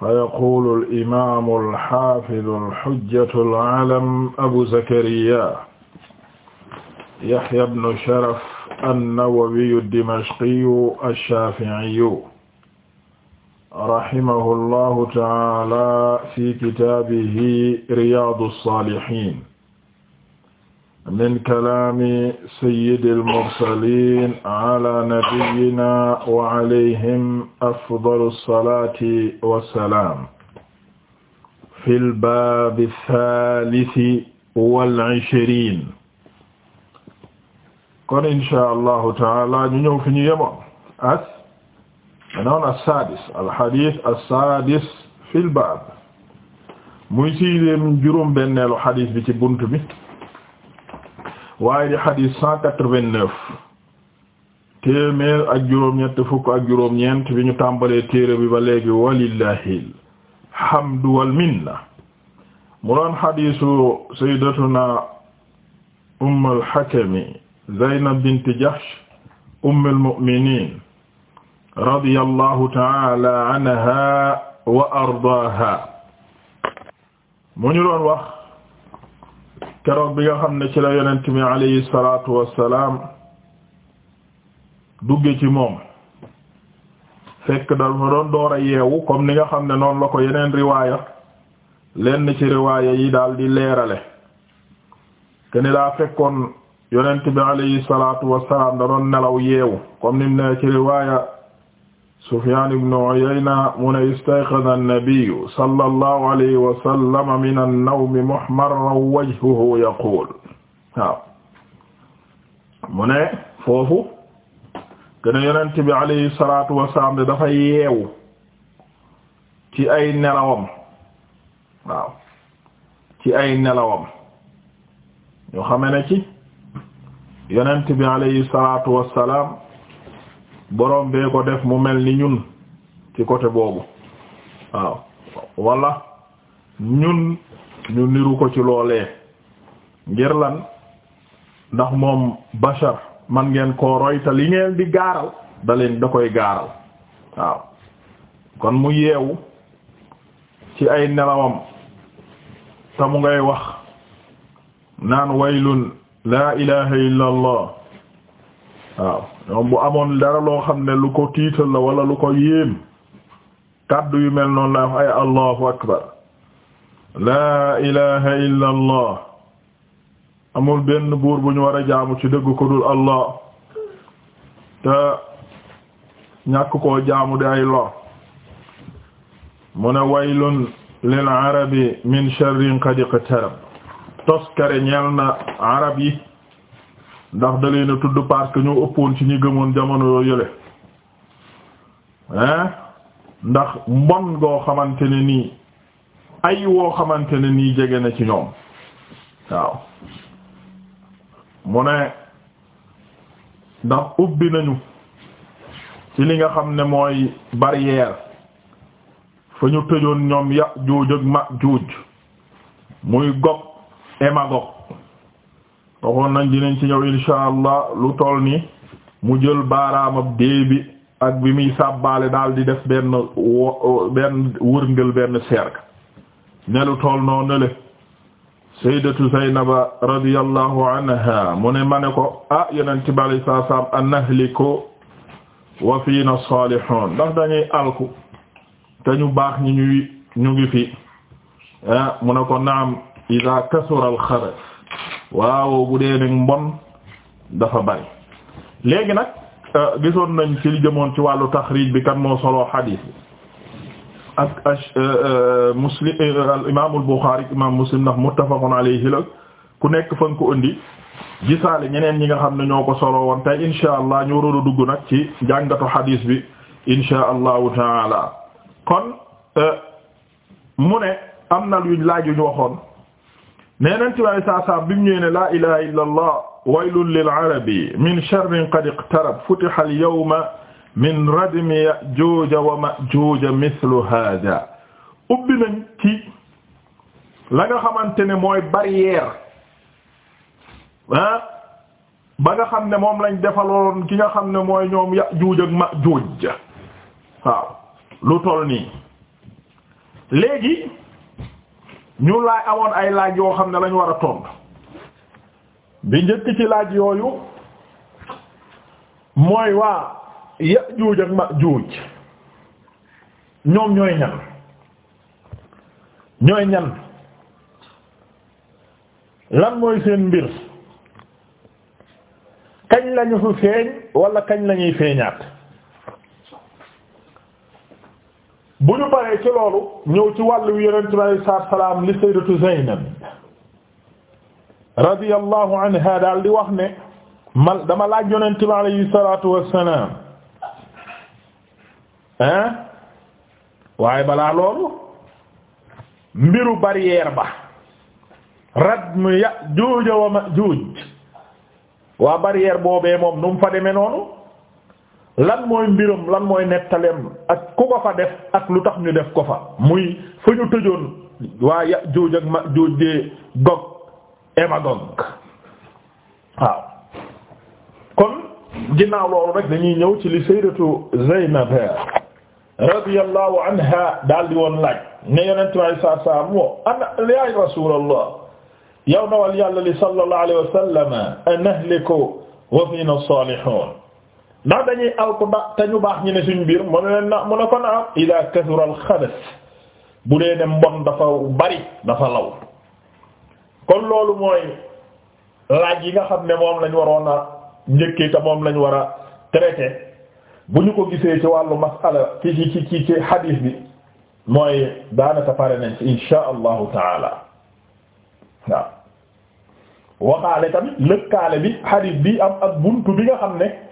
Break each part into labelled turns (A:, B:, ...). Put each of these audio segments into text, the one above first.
A: فيقول الإمام الحافظ الحجة العالم أبو زكريا يحيى بن شرف النووي الدمشقي الشافعي رحمه الله تعالى في كتابه رياض الصالحين min kalaami sayyidil mursaliin ala nabiyyina wa alayhim afdalu salaati wa salaam. fil baabi saalisi wal ishriin. kon incha allahu taala ñu ñëw fi ñu yemoon as. noonu as-saadis al-hadiis as-saadis fil baab. muy siideem juróom-benneelu hadiis bi ci buntu bi. waaye di xadis cent quatre-vingt-neuf téeméer ak juróom-ñett fukk ak ñeent bi ñu tàmbalee téere bi ba léegi walillahi alhamdu wal minna mu doon xadisu sayyidatuna umm al-hakami zaynab bint jahsh umm al-mu'minin ta'ala wa ardaaha mu ñu wax keroog bi nga xam ne ci la yonent mi alayhi salaatu wassalaam dugge ci moom
B: fekk dafa doon door a yeewu comme ni nga xam ne noonu la ko yeneen riwaaya
A: lenn ci riwaaya yi daal di leerale te ni daa fekkoon yonent bi alayhi salaatu wassalaam da doon nelaw yeewu comme ni mu ne ci riwaaya Sufyaan ibn Uyayna mu ne istayqaza an-nabiyyu sallallahu alayhi wa sallam min an-nawmi muhmarran wajhuhu yaquul waaw mu ne foofu gën a yonent bi alayhi
B: salaatu wa salaam dafa yeewu ci ay nelawam waaw ci ay nelawam ñu xame ne ci yonent bi alayhi salaatu wa salaam borom bee ko def mu mel ni ñun ci côté boobu waaw wala ñun ñu niru ko ci loolee ngir lan ndax moom bashar man ngeen koo royta li ngeen di gaaral da leen da koy gaaral waaw kon mu yeewu ci ay nelawam te ngay wax naan waylun laa ilaha illa waaw ñoom bu amoon dara loo xam ne lu ko tiital la wala lu ko yéem kàddu yu mel noonu la ay allahu akbar laa ilaha illa amul benn buur bu
A: ñu war a jaamu ci dëgg ko dul allah te ñàkk ko jaamu di ay lo mu ne waylun lil arabi min sharrin qad iqtarab toskare ñeel na arab yi ndax da leen a tudd parce que ñoo ëppoon ci ñi gëmoon jamono yoo yële
B: hein ndax mbon goo xamante ni nii ay woo xamante ni nii jege na ci ñoom waaw mu ne ndax ubbi nañu ci li nga xam ne mooy barrière fa ñu tëjoon ñoom ya juuj ak ma juuj muy Gog et waxoon nañ dinañ ci ñëw insha allah lu tool ni mu jël baaraamab dee bi ak bi muy sàbbaale daal di def benn wo benn wërngël benn cercle
A: ne lu noo nele sayyidatu zaynaba radiyallahu anha mu ne ma ne ko ah yeneen tibali saa saam an nahliku wa fiina
B: salihun ndax dañuy alku te ñu baax ñi ñuy ñu ngi fi ah, mu ne ko naam ida kasura al waaw bu dee nag mbon dafa bari léegi nag euh, gisoon nañ ci li jëmoon ci wàllu taxriij bi kan moo solo xadiis bi ak euh, euh, muslim al imaamul i imaam muslim ndax muttafaqun alayhi la ku nekk fa nga ko indi gisaale ñeneen ñi nga xam ne ñoo ko solo woon tey insha allah ñu waroon a dugg nag ci jàngatu xadiis bi insha allahu taala kon mu ne am na luñ laaj yu ñu waxoon nee nañ ci wàllu saasaam bi mu ñëwee ne laa ilaha illa allah waylun lil arabi min sharrin qad iqtarab futiha al yawma min radmi ya'juuja wa ma'juuja mithlu haadaa ubbi nañ ci la nga xamante ne mooy barrière ah ba nga xam ne moom lañ defaloon ki nga xam ne mooy ñoom ya'juuj ak ma'juuj lu toll nii léegi. ñu laaj awoon ay laaj yoo xam ne lañu war a tontu bi njëkk ci laaj yooyu mooy waa Yaajuuj ak Maajuuj ñoom ñooy ñan ñooy ñan lan mooy seen mbir kañ lañu fi feeñ wala kañ lañuy feeñaat bu ñu paree ci loolu ñëw ci wàllu yonent bi alayhi salaatu salaam li sayyidatu Zaynab radiyallahu anha daal di wax ne ma dama laaj yonent bi alayhi salaatu wassalaam hein waaye balaa loolu mbiru barrière ba radmu Yaajuuj wa Maajuuj waa barrière boobee moom nu mu fa demee noonu lan mooy mbiram lan mooy nettaleem ak ku ko fa def ak lu tax ñu def ko fa muy fa ñu tëjoon waa Yaajuuj ak Maajuuj de Gog et Magog waaw kon ginnaaw loolu rek dañuy ñëw ci li sayyidatu Zaynab radiyallahu anha daal di woon laaj ne yonent bi saa saa moo ana yaay Rasuulallah yow nawal yàlla li sallallahu alayhi wa sallam an nahliku wa fiina saalihuun ndax dañuy aw ndax te ñu baax ñi ne suñ biir mu ne na mu ne ko naam ila kasura al xabas bu dee ne mbon dafa bari dafa law kon loolu mooy laaj yi nga xam ne moom lañ waroon a njëkkee te moom lañ war a traité bu ñu ko gisee ci wàllu masala ci ci ci ci hadith bi mooy daanaka pare nañ ci insha allahu taala waaw waxaale tamit lëkkaale bi hadith bi am ak buntu bi nga xam ne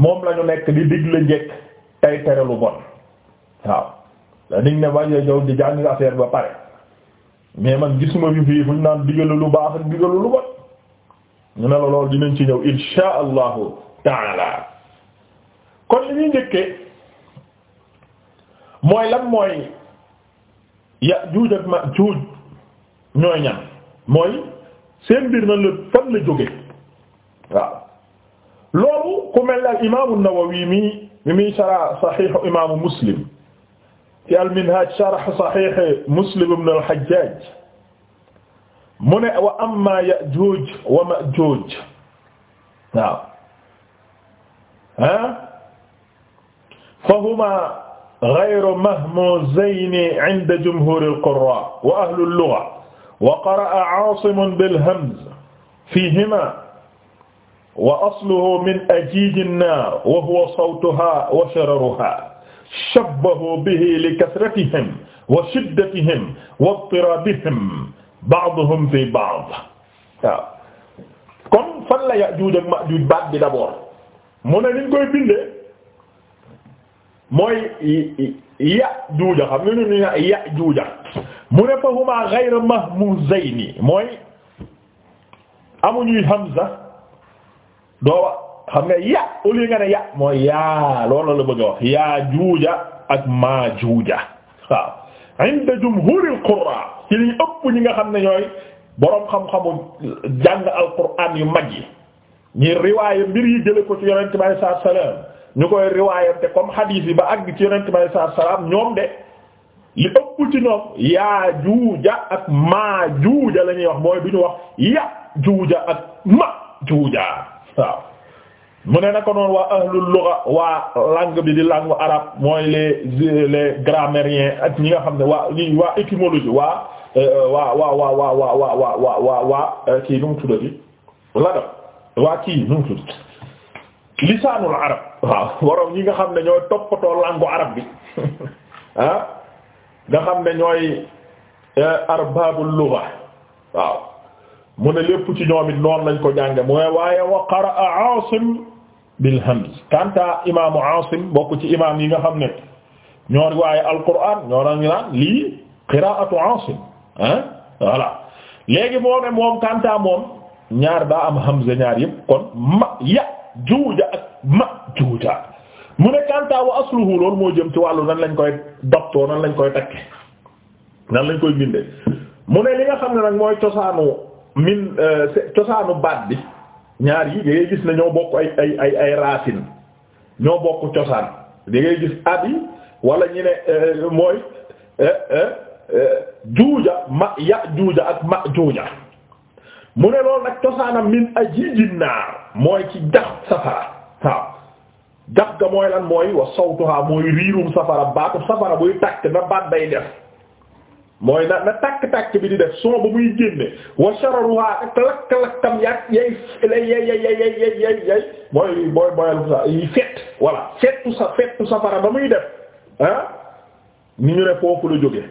B: moom lañu ñu nekk di la njekk tey tere lu bon waaw dañu ne waaye ñëw di jàng affaire ba pare mais man gisuma fi fii fu ñu naan digalu lu baax ak digalu lu bon ñu ne la lool dinañ ci ñëw insha allahu taala kon li ñuy njëkkee mooy lan mooy Yaajuuj ak Maajuuj ñooy ñan mooy seen mbir na la fan la jóge waaw loolu ku mel ne al imaamu Nawawi mi mi muy sara saxiix imaamu Muslim ci al-Minhaaj sharh saxiix Muslim ibn al-Hajjaaj mu ne wa ammaa Ya'juuj wa Ma'juuj waaw ah fahumaa ghayru mahmuuzayni 'inda jumhuuri al-qurraa' wa ahli al-lugha wa qara'a 'Aasim bil-hamz fiihimaa wa asluhu min ajiiji nnaar wa huwa sawtuhaa wa shararuhaa shabbahu bihi li kasratihim wa shiddatihim wa idtiraabihim ba'duhum fii ba'd waaw kon fan la Yaajuuj ak Maajuuj baat bi d'abord mu ne niñ koy bindee mooy Yaajuuj xam nga ñu ne Yaajuuj mu ne fahumaa ghayra mahmuuzayni mooy amuñuy hamza doo wax xam nga ya au lieu nga ne ya mooy yaa loolu la bëgg a wax yaa juuja ak maa juuja waaw inda jumhuril qurra ci liñ ëpp ñi nga xam ne ñooy boroom xam-xamu jàng alquran yu mag yi ñi riwaaya mbir yi jële ko ci yonente bi alei salaatu salaam ñu koy riwaaya te comme hadith yi ba àgg ci yonente bi alei salaatu salaam ñoom de li ëpp ci ñoom yaa juuja ak maa juuja la ñuy wax mooy bi ñu wax ya juuja ak ma juuja waaw mu ne naka noonu waa ahlul lugha waa langue bi di langue arabe mooy les les grammairiens ak ñi nga xam ne waa ñi waa étymologie waa waa waa waa waa waa waa waa waa waa waa kii nu mu tuddati ladab waa kii nu mu tuddati lisaanul arab waaw waroon ñi nga xam ne ñooy toppatoo langue arab bi ah nga xam ne ñooy arbabul lugha waaw mu ne lépp ci ñoom it noonu lañ ko jànge mu ne waaye wa qaraa Aasim bil hamz kanta imaamu Aasim bokk ci imaam yi nga xam ne ñoo waaye alquraan ñoo naan naan lii qiraatu Aasim ah voilà léegi moo ne moom kanta moom ñaar daa am hamza ñaar yëpp kon ma ya juuja ak ma juuja mu ne kanta wa asluhu loolu moo jëm ci wàllu nan lañ koy docteur nan lañ koy takke nan lañ koy bindee mu ne li nga xam ne nag mooy cosaanu min euh, cosaanu baat bi ñaar yi da gis ne ñoo bokk ay ay ay ay racine ñoo bokk cosaan da ngay gis abi wala ñu ne euh, mooy euh, juuja ma ya juuja ak ma juuja mu ne loolu nag cosaanam min ajijin naar mooy ci jax safara waaw jax ga mooy lan mooy wa sawtuha mooy riirum safara baatu safara buy tàkk na baat day def mooy na na tàkk-tàkk bi di def son ba muy génne wa shararuha ak lakk-lakkam yag yay lay yay yay yay yay yay yay mooy booy boyal fett voilà fettu sa fettu safara ba muy def ah ni ñu ne foofu la jóge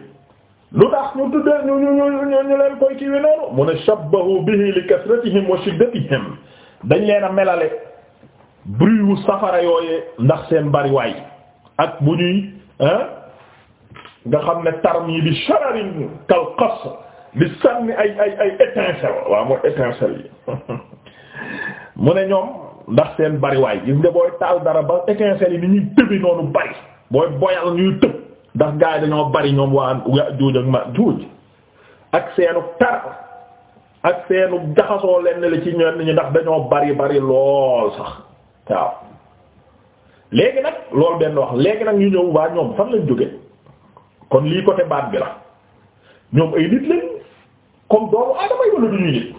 B: lu tax ñu tuddee ñu ñu ñu ñu leen koy kiiwe noonu mu ne shabbahu bihi li kasratihim dañ leen a melale bruit wu safara yooyee ndax seen bariwaay ak bu ñuy ah nga xam ne tarmi bi shararin kal qasr di sànni ay ay ay étincelle waaw mooy étincelle yi mu ne ñoom ndax seen bariwaay gis nga booy taal dara ba étincelle yi ni ñuy tëbi noonu bari booy boyal ñuy tëb ndax gaa dañoo bari ñoom waa juuj ak ma juuj ak seenu tar ak seenu jaxasoo lenn li ci ñenn ñi ndax dañoo bari bari lool sax waaw léegi nag loolu benn wax léegi nag ñu ñëw waa ñoom fan lañ jóge kon lii côté baat bi la ñoom ay nit lañ comme doomu aadama yi wala du ñu nit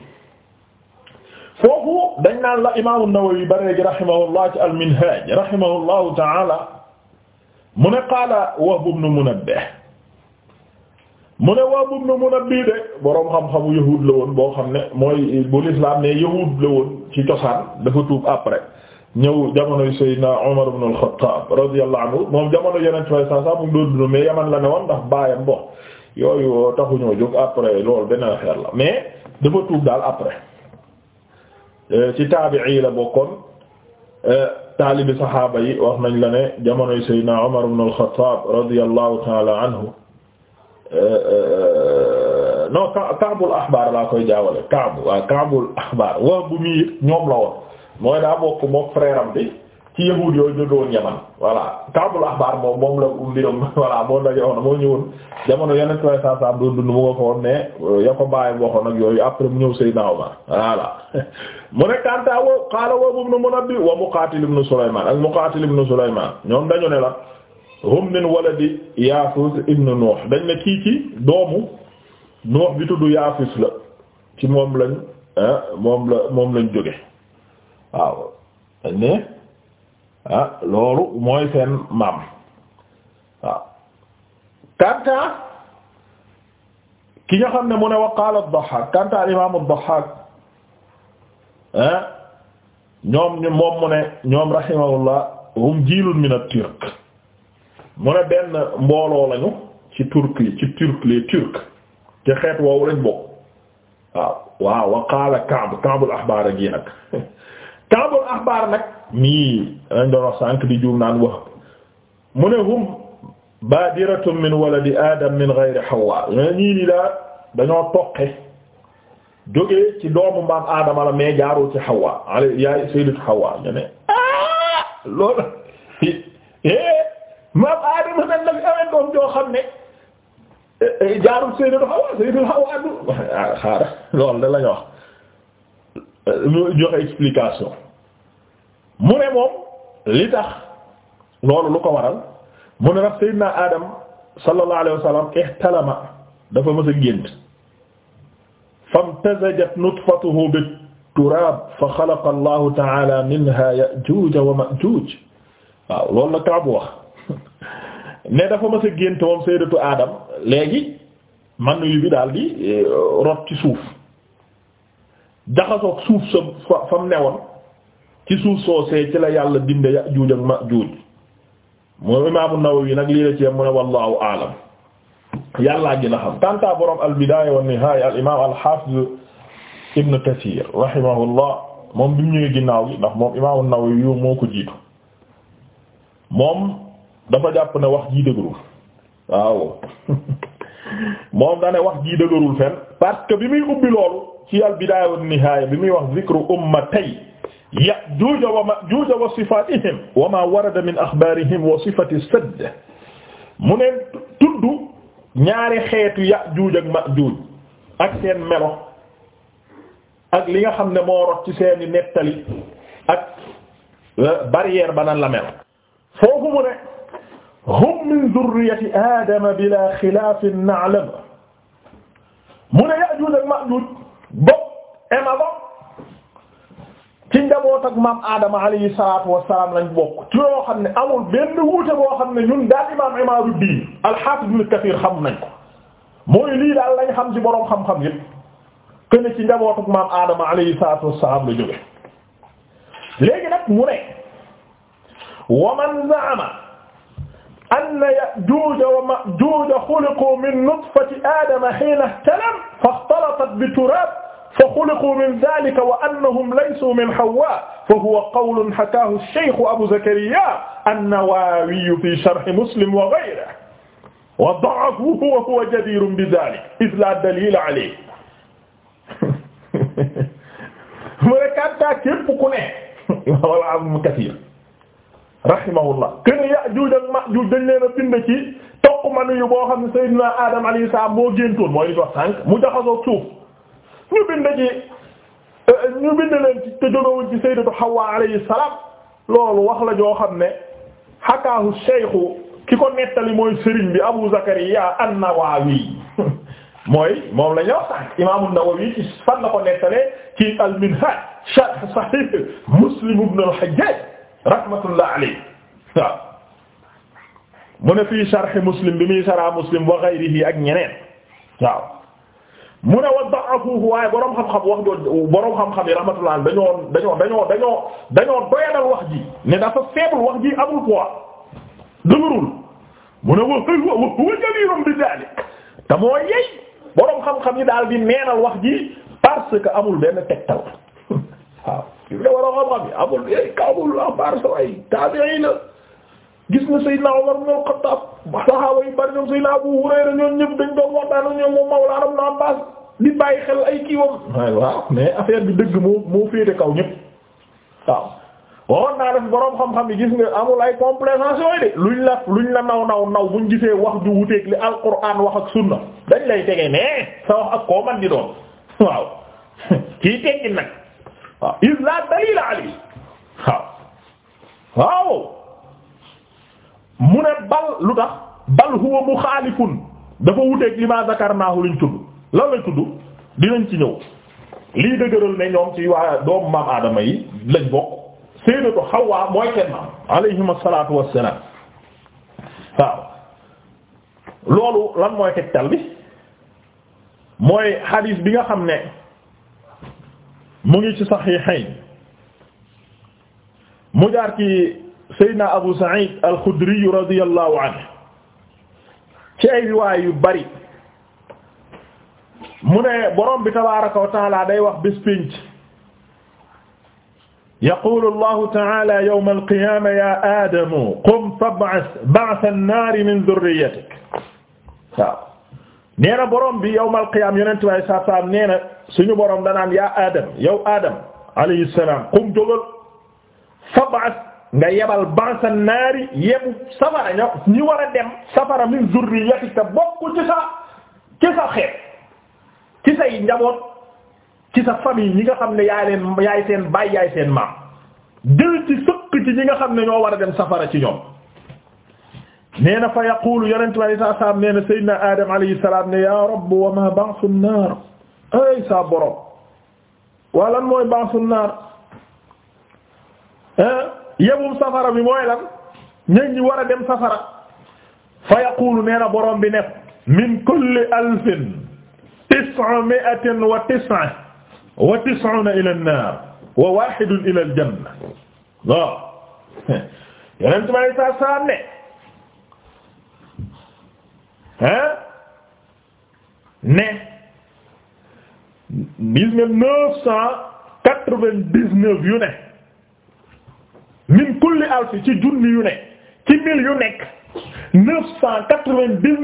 B: foofu dañ naan la imaamu Nawawi bare gi rahimahullah ci al-Minhaj rahimahullahu ta'ala mu ne qaala Wahb ibn Munabbih mu ne Wahb ibn Munabbih de boroom xam-xamu yahud la woon boo xam ne mooy bu lislaam ne yahud la woon ci cosaan dafa tuub après ñëw jamonoy Seydina Omar ibn al-Khattab radiyallahu anhu moom jamono yeneen ci may saa saa mu ngi doon la ne woon ndax baayam bon yooyu taxuñoo jóg après loolu benn affaire la mais dafa tuub daal après ci taabi'i la bokkoon taalibi saxaaba yi wax nañ la ne jamonoy Seydina Omar ibn al-Khattab radiyallahu ta'ala anhu non Kaabul Axbaar laa koy jaawale Kaabu waaw Kaabul Axbaar wax bu miir ñoom la woon. mooy daa bokk mook frère am bi ci yahuud yooyu ñu doon Kaabul Ahbaar moom moom la mbiram voilà moo daje woon moo ñëwoon jamono yeneen trois cent cent doon dund mu nga ko woon ne euh, ya ko bàyyi waxoon ak yooyu après mu ñëw Seydina Omar voilà mu ne Kanta woo xaaral woo mu Munabbi wa Muqaatil ibn Sulaymaan ak Muqaatil ibn Sulaymaan ñoom dañu ne la hum min waladi Yaafus ibn Nuux dañ ne kii ci doomu Nuux bi tudd Yaafus la ci moom lañ moom la moom lañ jóge waaw dañ ne ah, loolu mooy seen maam waaw kanta ki nga xam ne mu ne wa qaala ad-Dahhaak kanta al-imaam ad-Dahhaak ah ñoom ñu moom mu ne ñoom rahimahullah hum jiilun min at-Turk mu ne benn mbooloo lañu ci turk yi ci turk les turcs te xeet woowu lañ bokk waaw waaw wa qaala Ka'b Ka'b al-Ahbaar gi kaabul axbaar nag mii dañ doon wax sànq di juum naan wax mu ne hum baadiratun min waladi adam min ghayri hawa ñii nii daa dañoo toqe jógee ci doomu maam aadama la mais jaarul ci hawa ale yaay sayyidatu hawa ñu ne ah, loolu eh, eh, maam aadama nag la fi xam ne eh, jaarul sayyidatu hawa sayyidatu hawa du ah, xaaral loolu da lañu wax joxe explication mu ne moom li tax loolu lu ko waral mu ne nag Seydina Adam sallallahu alayhi wa sallam ihtalama dafa mës a gént famtazajat nutfatuhu bit-turaab fa xalaqa Allahu ta'ala minha ya'juuj wa waaw loolu la Kaab ne dafa mës gént moom Sayyidatu Adam léegi man yu bi daal di rot ci suuf. jaxasoog suuf sa fa fa mu newoon ci suuf soosee ci la yàlla dinde Yaajuuj ak Maajuuj moom Imaam nawawi nag lii la ci mu ne wallaahu aalam yàllaa gën a xam tanta borom al-Bidaaya wa Nihaaya al-Imaam al-Haafiz Ibn Kasiir rahimahullah moom bi mu ñëwee ginnaaw gi ndax moom Imaam nawawi moo ko jiitu moom dafa jàpp ne wax jii dëgërul waaw moom da ne wax jii dëgërul fenn parce que bi muy ubbi loolu. ci al bidaaya wan nihaaya bi muy wax zikru ummatay ya'juuj wa ma'juuj wa sifaatihim wa ma warada min axbaarihim wa sifati sadd mu ne tudd ñaari xeetu ya'juuj ak ma'juuj ak seen melo ak li nga xam ne moo rot ci seeni nettali ak euh, barrière ba nan la mel foofu mu ne hum min zurriyati aadama bila xilaafin na'lam mu ne ya'juuj ak ma'juuj bopp ema bopp ci njaboot ak maam Adama alayhi salaatu wassalaam lañ bokk ci loo xam ne amul benn wuute boo xam ne ñun daal imaam Imaaduddin al-Hafiz Ibn Kathir xam nañ ko mooy lii daal lañ xam ci boroom xam-xam yépp kenn ci njaboot ak maam Adama alayhi salaatu wassalaam la jóge léegi nag mu ne waman zaama anna Ya'juuja wa Ma'juuja xuliquu min nutfati aadama hiina ihtalam faxtalatat bi turaab fa xuliquu min zaalika wa annahum laysuu min Hawwaa fa huwa qawlun hakaahu Shaykhu Abu Zakariyaa an-Nawawiyyu fii sharhi Muslim wa ghayrihi wa da'afahu wa huwa jadiirun bi zaalika iz laa daliila alayhi mu ne kàttan képp ku ne wala Ibn Kathiir rahimahullah kene Yaajuuj ak Maajuuj dañ leen a bind ci toq manu yu boo xam ne Seydina Adam alayhi salaam boo géntoon mooy li wax sànq mu jaxasoo suuf ñu bind ci ñu bind leen ci te jógewuñ ci Sayyidatu Hawwa alayhi salaam loolu wax la joo xam ne hakaahu Shaykhu ki ko nettali mooy Serigne bi Abu Zakariya an-Nawawi mooy moom la ñu wax sànq Imaam an-Nawawi ci fan la ko nettalee al-Minhaj sharh Sahih Muslim ibn al-Hajjaj rahmatullah alayhi waaw mu ne fii sharhi muslim bi muy sara muslim wa ghayrihi ak ñeneen waaw mu ne wa da'afuhu waaye boroom xam-xam wax doo boroom xam-xam yi rahmatullah dañoo dañoo dañoo dañoo dañoo doyadal wax ji ne dafa faible wax ji amul poids dëgërul mu ne wa huwa jamiirun bi daalik te moo yey boroom xam-xam yi daal di neenal wax ji parce que amul benn tegtal waaw yu ne war a xam-xam yi amul yooyu kaabul ambaar sa ay taabi'i la gis na Seydina Umar ibn al-Khattab saxaaba yu bari ñoom Seydina Abu Hurayra ñoom ñëpp dañ doon waxtaan ñoom moom Mawlaana Ibn di bàyyi xel ay kiiwam waaw mais affaire bi dëgg moo moo féete kaw ñëpp waaw waxoon naa def boroom xam-xam yi gis nga amul ay complaisance yooyu de luñ la luñ la naw naw naw ñu gisee wax ju wuteek li alquran wax ak sunna dañ lay tege nee sa wax ak koo man di doon waaw waaw iz laa dalila alayhi waaw mu ne bal lu tax bal huwa muxaalifun dafa wuteeg li ma zakarnaahu luñ tudd lan lañ tudd dinañ ci ñëw lii dëgëral ne ñoom ci waa doomu maam aadama yi lañ bokk Sayyidatu Xawwa mooy kenn am alayhima salaatu wassalaam waaw loolu lan mooy tegtal bi mooy xadiis bi nga xam ne mu ngi ci saxiixayn mu jaar ci Seydina Abu Saïd al-Khudri radiyallahu anhu ci ay riwaay yu bari mu ne borom bi tabaaraka wa taala day wax bés pénc yaqulu allahu taala yawma alqiyaama ya aadamu qum fab'as ba'sa an-naari min dhurriyyatik waaw nee boroom borom bi yawmal qiyaam yonent bi saa saa nee na suñu borom danaan ya Adam yow Adam alayhi salaam qum jógal fab'as nga yebal ba'sa naari yebu safara ña ñi war a dem safara min zurriyatika bokk ci sa ci sa xeet ci say njaboot ci sa ñi nga xam ne yaay leen yaay seen baay yaay seen maam jël ci sëkk ñi nga xam ne ñoo wara a dem safara ci ñoom. nee na fa yaqulu yonent bi alayhi salaam nee na Seydina Adam alayhi salaam ne yaa rabb wa ma ba'su naar ay sa borom waa lan mooy ba'su naar eh, yebum safara bi mooy lan ñen ñi war a dem safara fa yaqulu nee na borom bi nekk min kulli alfin tis'a mi'atin wa tis'a wa tis'una ila an-naar wa wahidun ila al-janna waaw yonent bi alayhi salaam ne hein ne gis nga neuf cent quatre vingt dix yu ne min kulli alfi ci junni yu ne ci mil yu nekk neuf cent quatre vingt dix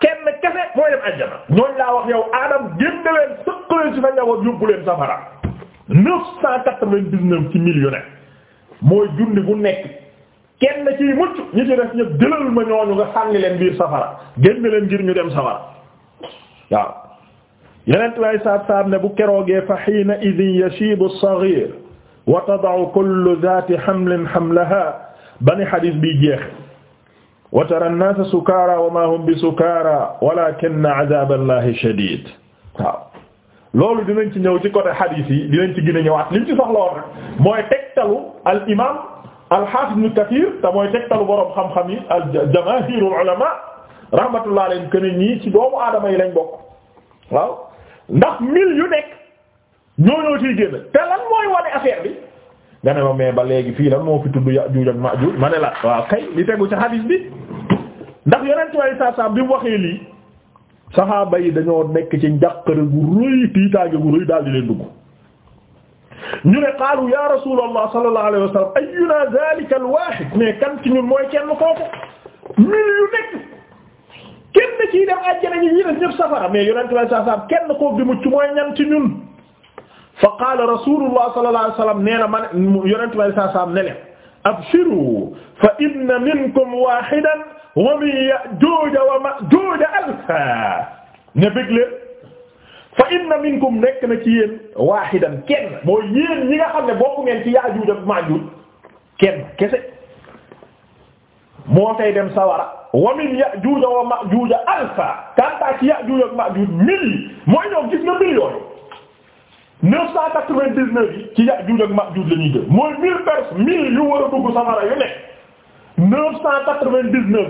B: kenn kese mooy dem ajjana ñooñ laa wax yow Adam génne leen sëqaleen si fa njawoot yóbbu safara neuf cent quatre vingt dix ci mil yu ne mooy junni bu nekk kenn ciy mucc ñi ci def ma ñooñu nga sànni leen biir safara génn leen ngir ñu dem safara waaw yeneen lay saab saab ne bu keroogee fa xiina idin yashibu as-saghir wa tada'u kullu dhati hamlin hamlaha bani xadis bi jeexe wa tara an-nasa sukara wa ma hum bi sukara walakinna 'adhaba allahi shadid waaw loolu dinañ ci ñëw ci côté xadis yi dinañ ci gën a ñëwaat liñ ci soxla woon rek mooy tegtalu al imam al-Hafiz Ibn Kathir te mooy tegtalu borom xam-xam yi al-jamaahirul ulama ñii ci doomu aadama yi lañ bokk waaw ndax mil yu nekk bi nga ne ma mais ba léegi fii lan moo fi tudd Yaajuuj ak Maajuuj ma ne la waaw kay li tegu ci hadis bi ndax Yonent bi saa saa bi mu waxee lii saxaaba yi dañoo nekk ci njàqare gu rëy tiitaange gu rëy daal di leen dugg. ñu ne qaalu ya rasulallah sallallahu alayhi wa sallam ayyuna zalika alwahid mais kan ci ñun mooy kenn kooku mil yu nekk kenn ciy dem àjjana ñi ñi def ñëpp safara mais yonente bi saa saam kenn kooku di mucc mooy ñan ci ñun fa qaala rasulullah sallallahu alayhi wa sallam nee na man yonente bi saa saam ne leen abshiru fa inna minkum wahidan wa min ya'juj wa ma'juj alfa ne bëgg leen fa inna minkum nekk na ci yéen waahidan kenn mooy yéen ñi nga xam ne bokku ngeen ci yaajuuj ak maajuuj kenn kese moo tay dem sawara wa min yaajuuj wa maajuuj alfa kanta ci yaajuuj ak maajuuj mille mooy ñoom gis nga million yi ci yaajuuj ak maajuuj la ñuy mooy mille personnes mille yu war a dugg sawara yu nekk neuf cent quatre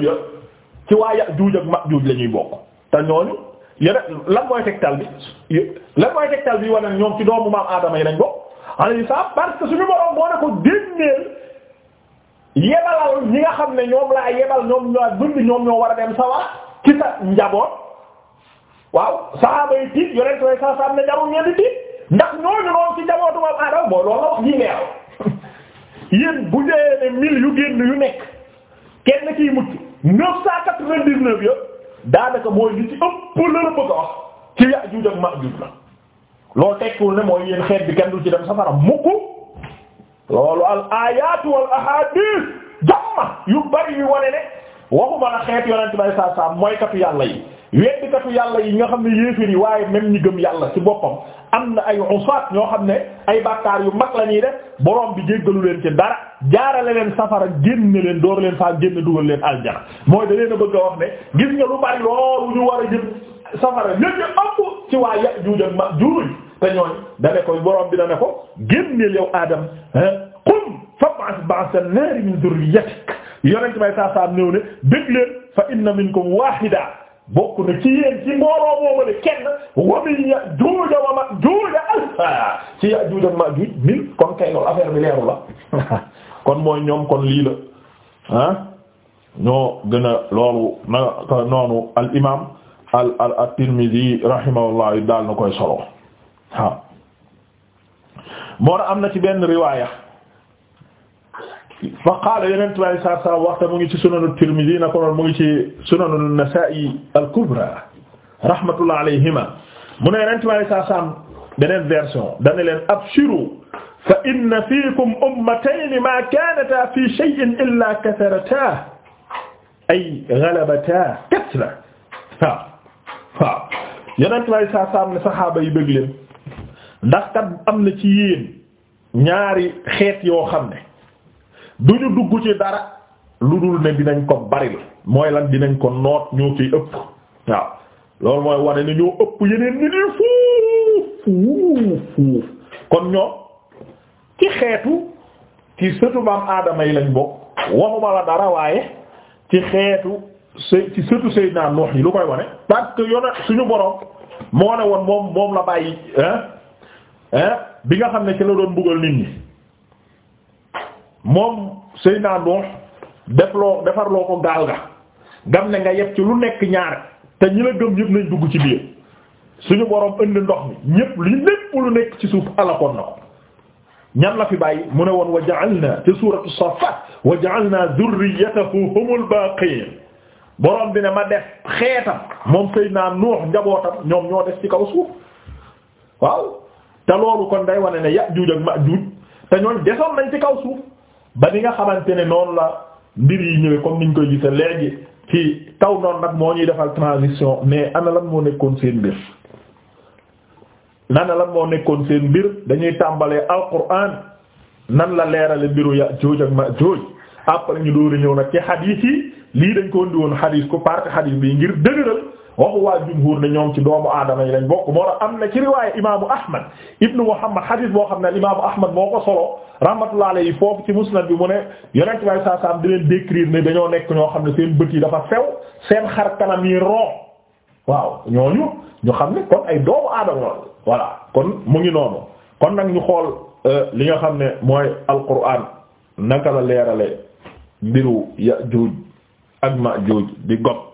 B: ya ci ak maajuuj la bokk te ñooñu yeneen lan mooy tegtal bi lan mooy tegtal bi wane ñoom ci doomu maam aadama yi dañ ko alayhi salaam parce que suñu borom moo ne ko génneel yebalal ñi nga xam ne ñoom laa yebal ñoom ñoo dund ñoom ñoo war a dem sawar ci sa njaboot waaw saxaaba yi tiit am na njaboot loolu la wax ñii leer yéen bu dee ne mille yu génn yu nekk kenn ciy mucc neuf cent quatre-vingt-dix-neuf daanaka mooy li ci ëpp la la bëgg a wax ci Yaajuuj ak Maajuuj la loolu tekkiwul ne mooy yéen xeet bi kenn du ci dem safara mukk loolu al ayatu wal ahadith jamma yu bari yu wane ne waxuma la xeet yonent bay saa saa mooy katu yàlla yi weddikatu yàlla yi nga xam ne yéeféer yi waaye même ñi gëm yàlla ci boppam am na ay usaat ñoo xam ne ay bàkkaar yu mag la ñuy def borom bi jéggalu leen ci dara jaarale leen safara génne leen door leen faa génne dugal leen aljana mooy da leen a bëgg a wax ne gis nga lu bari loolu ñu war a jëm safara ñëpp ñu ëpp ci waa Yaajuuj ak Maajuuj te ñooñ da ne ko borom bi da ne ko génneel yow Adam qum fab'ath ba'sa an-naar min dhurriyyatik yonent may saa saa néew ne dégg leen fa inna minkum waahida bokk na ci yéen ci mbooloo moomale kenn wabi ya juuja wa ma juuja alfa ci ya juuja ma juuj min kon kay loolu affaire bi leeru la kon mooy ñoom kon lii la ah ñoo gën a loolu noonu al imam al al at-Tirmidhi rahimahullah daal na koy solo waaw moo am na ci benn riwaaya fa qaala yeneen tubaab yi saa saa waxta mu ngi ci sunanu Tirmidhi na ko noonu mu ngi ci sunanu Nasaa'i al-kubra rahmatullah alayhima mu ne yeneen tubaab yi saa saa beneen version dana leen abshiru fa inna fiikum ummatayn maa kaanataa fii shay'in illaa kasarataa ay ghalabataa kasra waaw waaw yeneen tubaab yi saa saa ne saxaaba yi bëgg leen ndax kat am na ci yéen ñaari xeet yoo xam ne. du ñu dugg ci dara lu dul ne dinañ ko baril mooy lan dinañ ko noot ñoo ciy ëpp waaw loolu mooy wane ni ñoo ëpp yeneen ñi nii fuuf fuuf kon ñoom ci xeetu ci sëtu maam aadama yi lañ bokk waxuma la dara waaye ci xeetu ci sëtu Seydina Nuux yi lu koy wane parce que yone suñu borom moo ne woon moom moom la bàyyi hein hein bi nga xam ne ci la doon buggal nit ñi moom sëy naa Nuux def loo defar loo ko gaal ga gam ne nga yeb ci lu nekk ñaar te ñi la gëm yëpp nañ dugg ci biir suñu boroom indi ndox mi ñëpp li lépp lu nekk ci suuf alakoon na ko ñan la fi bàyyi mu ne woon wa ja'alna ci suuratu Saffat wa ja'alna dhurriyyatahu humul baaqiin borom bi ne ma def xeetam moom Seydina Nuux njabootam ñoom kaw waaw te loolu kon day wane ne Yaajuuj ak Maajuuj te ñooñ desoon nañ ci kaw suuf ba ni nga xamante ne noonu la mbir yi ñëwee comme niñ koy gise léegi ci taw noonu nag moo ñuy defal transition mais ana lan moo nekkoon seen mbir nana lan moo nekkoon seen mbir dañuy tàmbalee alquran nan la leerale mbiru Yaajuuj ak Maajuuj après ñu dóori ñëw nag ci xadiis yi lii dañ ko indi woon xadiis ko partie xadiis bi ngir dëgëral waxu waa jumhur ne ñoom ci doomu aadama yi lañ bokk moo tax am na ci riwaayu imaamu Ahmad ibnu Muhammad hadith boo xam ne imaamu Ahmad moo ko solo rahmatullahi alayhi foofu ci musnad bi mu ne yonent bi sallallahu alayhi wasallam di leen décrire ne dañoo nekk ñoo xam ne seen bët yi dafa sew seen xar kanam yi ron waaw ñooñu ñu xam ne kon ay doomu aadama voilà kon mu ngi noonu kon nag ñu xool euh, li nga xam ne mooy alquran naka la leerale mbiru Yaajuuj ak Maajuuj di got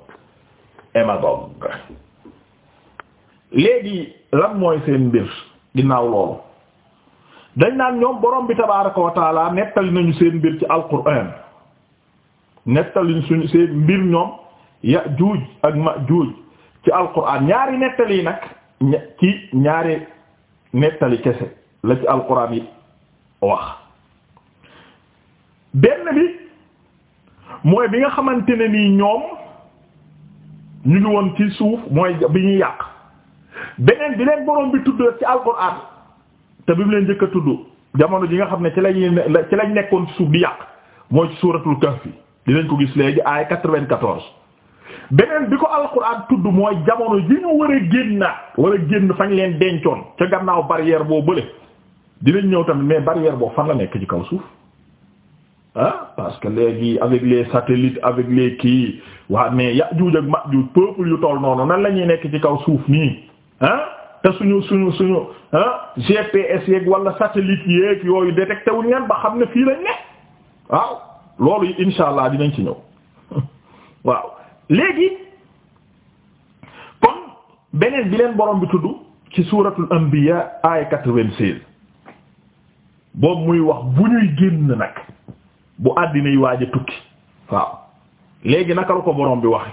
B: léegi lan mooy seen mbir ginnaaw loolu dañ naan ñoom borom bi tabaaraka wa nettali nañu seen mbir ci alquran nettali suñu seen mbir ñoom ya juuj ak ma juuj ci alquran ñaari nettali nag ci ñaari nettali kese la ci alquran yi wax benn bi mooy bi nga xamante ne nii ñoom. ñu ni woon ci suuf mooy bi ñuy yàq beneen bi leen borom bi tudd ci alxuraan te bi mu leen njëkk a tudd jamono ji nga xam ne ci lañuy ci lañ nekkoon suuf di yàq mooy ci suuratul kahfi dinañ ko gis léegi ay quatre-vingt-quatorze beneen bi ko alxuraan tudd mooy jamono ji ñu war a génn war a génn fañ leen dencoon ca gannaaw barrière boo bële dinañ ñëw tamit mais barrière boo fan la nekk ci kaw suuf ah parce que léegi avec les satellites avec les kii waa mais Yaajuuj ak Maajuuj peuple yu toll noonu nan la ñuy nekk ci kaw suuf nii ah te suñu suñu suñu ah GPS yeeg wala satellite yeeg yooyu détecté wuñ leen ba xam ne fii lañ ne waaw loolu insha allah dinañ ci ñëw waaw léegi kon beneen bi leen borom bi tudd ci suuratul anbiya aaya quatre-vingt-seize boobu muy wax bu ñuy génn nag bu àddina yi waaj a tukki waaw léegi naka ko borom bi waxe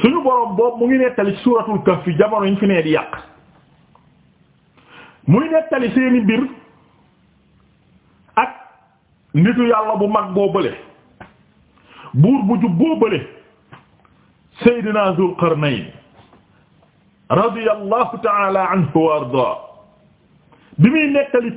B: suñu borom boobu mu ngi nettali suuratul kahf fi jamono ñu fi nee di yàq muy nettali seeni mbir ak nitu yàlla bu mag boo bële buur bu jub boo bële Seydina Zul Qarnayn radiyallahu ta'ala anhu wa ardaa bi muy nettali